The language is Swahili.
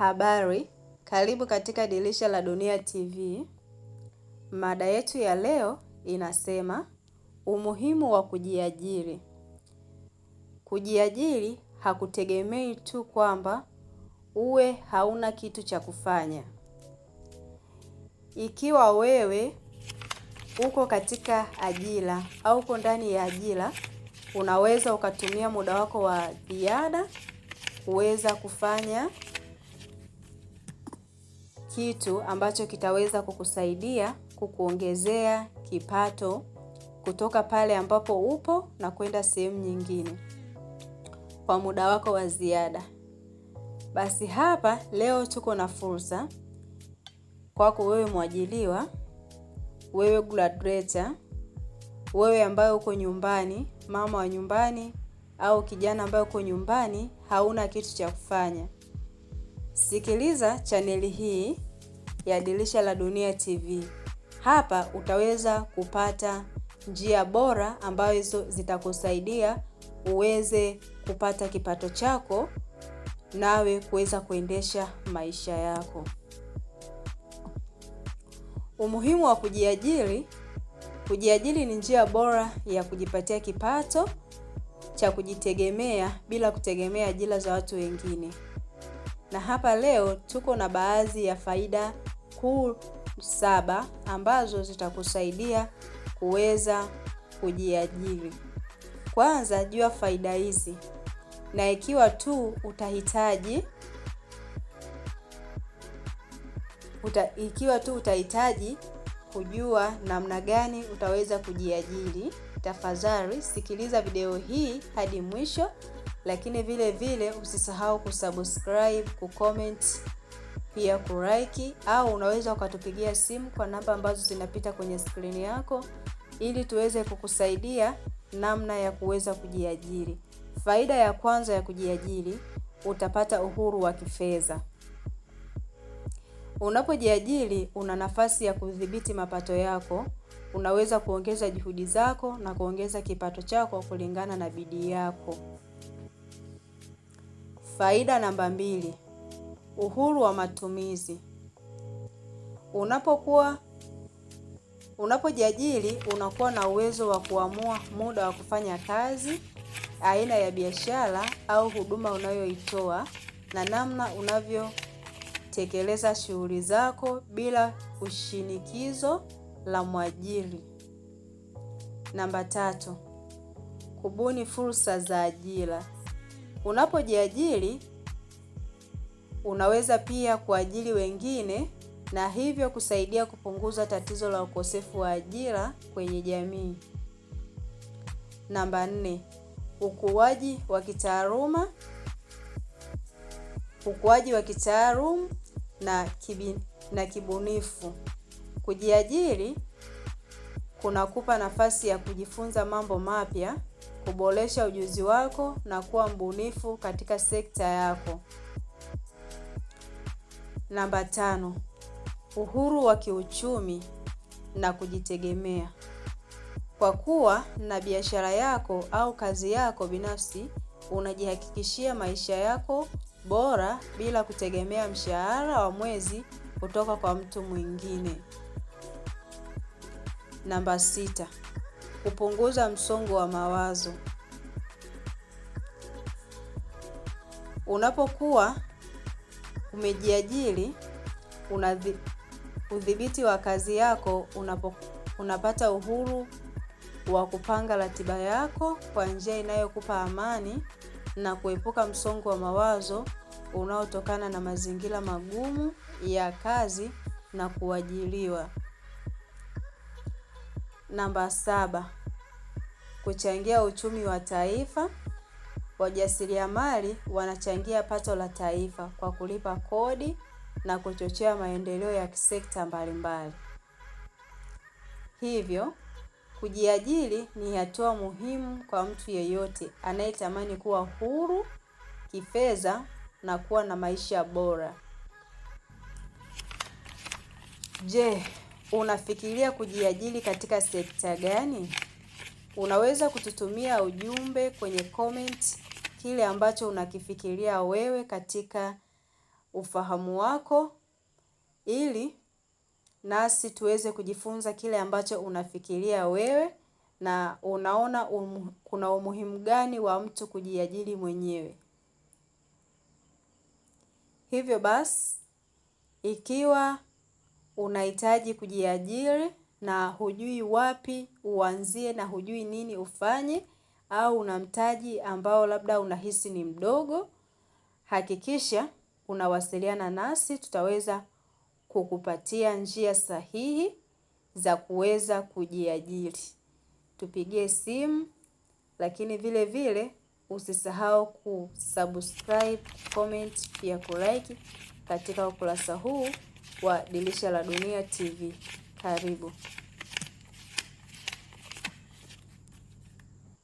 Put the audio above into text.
Habari, karibu katika Dirisha la Dunia TV. Mada yetu ya leo inasema umuhimu wa kujiajiri. Kujiajiri hakutegemei tu kwamba uwe hauna kitu cha kufanya. Ikiwa wewe uko katika ajira au uko ndani ya ajira, unaweza ukatumia muda wako wa ziada kuweza kufanya kitu ambacho kitaweza kukusaidia kukuongezea kipato kutoka pale ambapo upo na kwenda sehemu nyingine kwa muda wako wa ziada. Basi hapa leo tuko na fursa kwako wewe mwajiliwa, wewe graduate, wewe ambaye uko nyumbani, mama wa nyumbani au kijana ambaye uko nyumbani, hauna kitu cha kufanya. Sikiliza chaneli hii ya Dirisha la Dunia TV. Hapa utaweza kupata njia bora ambazo zitakusaidia uweze kupata kipato chako nawe kuweza kuendesha maisha yako. Umuhimu wa kujiajiri. Kujiajiri ni njia bora ya kujipatia kipato cha kujitegemea bila kutegemea ajira za watu wengine na hapa leo tuko na baadhi ya faida kuu saba ambazo zitakusaidia kuweza kujiajiri. Kwanza, jua faida hizi, na ikiwa tu utahitaji uta, ikiwa tu utahitaji kujua namna gani utaweza kujiajiri, tafadhali sikiliza video hii hadi mwisho, lakini vile vile usisahau kusubscribe, kucomment, pia kuraiki au unaweza ukatupigia simu kwa namba ambazo zinapita kwenye skrini yako ili tuweze kukusaidia namna ya kuweza kujiajiri. Faida ya kwanza ya kujiajiri, utapata uhuru wa kifedha. Unapojiajiri una nafasi ya kudhibiti mapato yako, unaweza kuongeza juhudi zako na kuongeza kipato chako kulingana na bidii yako. Faida namba mbili, uhuru wa matumizi. Unapokuwa unapojiajiri unakuwa na uwezo wa kuamua muda wa kufanya kazi, aina ya biashara au huduma unayoitoa na namna unavyo tekeleza shughuli zako bila ushinikizo la mwajiri. Namba tatu, kubuni fursa za ajira. Unapojiajiri unaweza pia kuajiri wengine na hivyo kusaidia kupunguza tatizo la ukosefu wa ajira kwenye jamii. Namba nne, ukuaji wa kitaaluma. Ukuaji wa kitaaluma na, kibi, na kibunifu. Kujiajiri kunakupa nafasi ya kujifunza mambo mapya, kuboresha ujuzi wako na kuwa mbunifu katika sekta yako. Namba tano, uhuru wa kiuchumi na kujitegemea. Kwa kuwa na biashara yako au kazi yako binafsi, unajihakikishia maisha yako bora bila kutegemea mshahara wa mwezi kutoka kwa mtu mwingine. Namba sita, kupunguza msongo wa mawazo. Unapokuwa umejiajiri, udhibiti wa kazi yako unapo, unapata uhuru wa kupanga ratiba yako kwa njia inayokupa amani na kuepuka msongo wa mawazo unaotokana na mazingira magumu ya kazi na kuajiriwa. Namba saba, kuchangia uchumi wa taifa. Wajasiriamali wanachangia pato la taifa kwa kulipa kodi na kuchochea maendeleo ya kisekta mbalimbali. Hivyo Kujiajiri ni hatua muhimu kwa mtu yeyote anayetamani kuwa huru, kifedha na kuwa na maisha bora. Je, unafikiria kujiajiri katika sekta gani? Unaweza kututumia ujumbe kwenye comment kile ambacho unakifikiria wewe katika ufahamu wako ili nasi tuweze kujifunza kile ambacho unafikiria wewe na unaona um, kuna umuhimu gani wa mtu kujiajiri mwenyewe. Hivyo basi, ikiwa unahitaji kujiajiri na hujui wapi uanzie na hujui nini ufanye au una mtaji ambao labda unahisi ni mdogo, hakikisha unawasiliana nasi tutaweza kukupatia njia sahihi za kuweza kujiajiri. Tupigie simu, lakini vile vile usisahau kusubscribe, comment, pia kulike katika ukurasa huu wa Dirisha la Dunia TV. Karibu.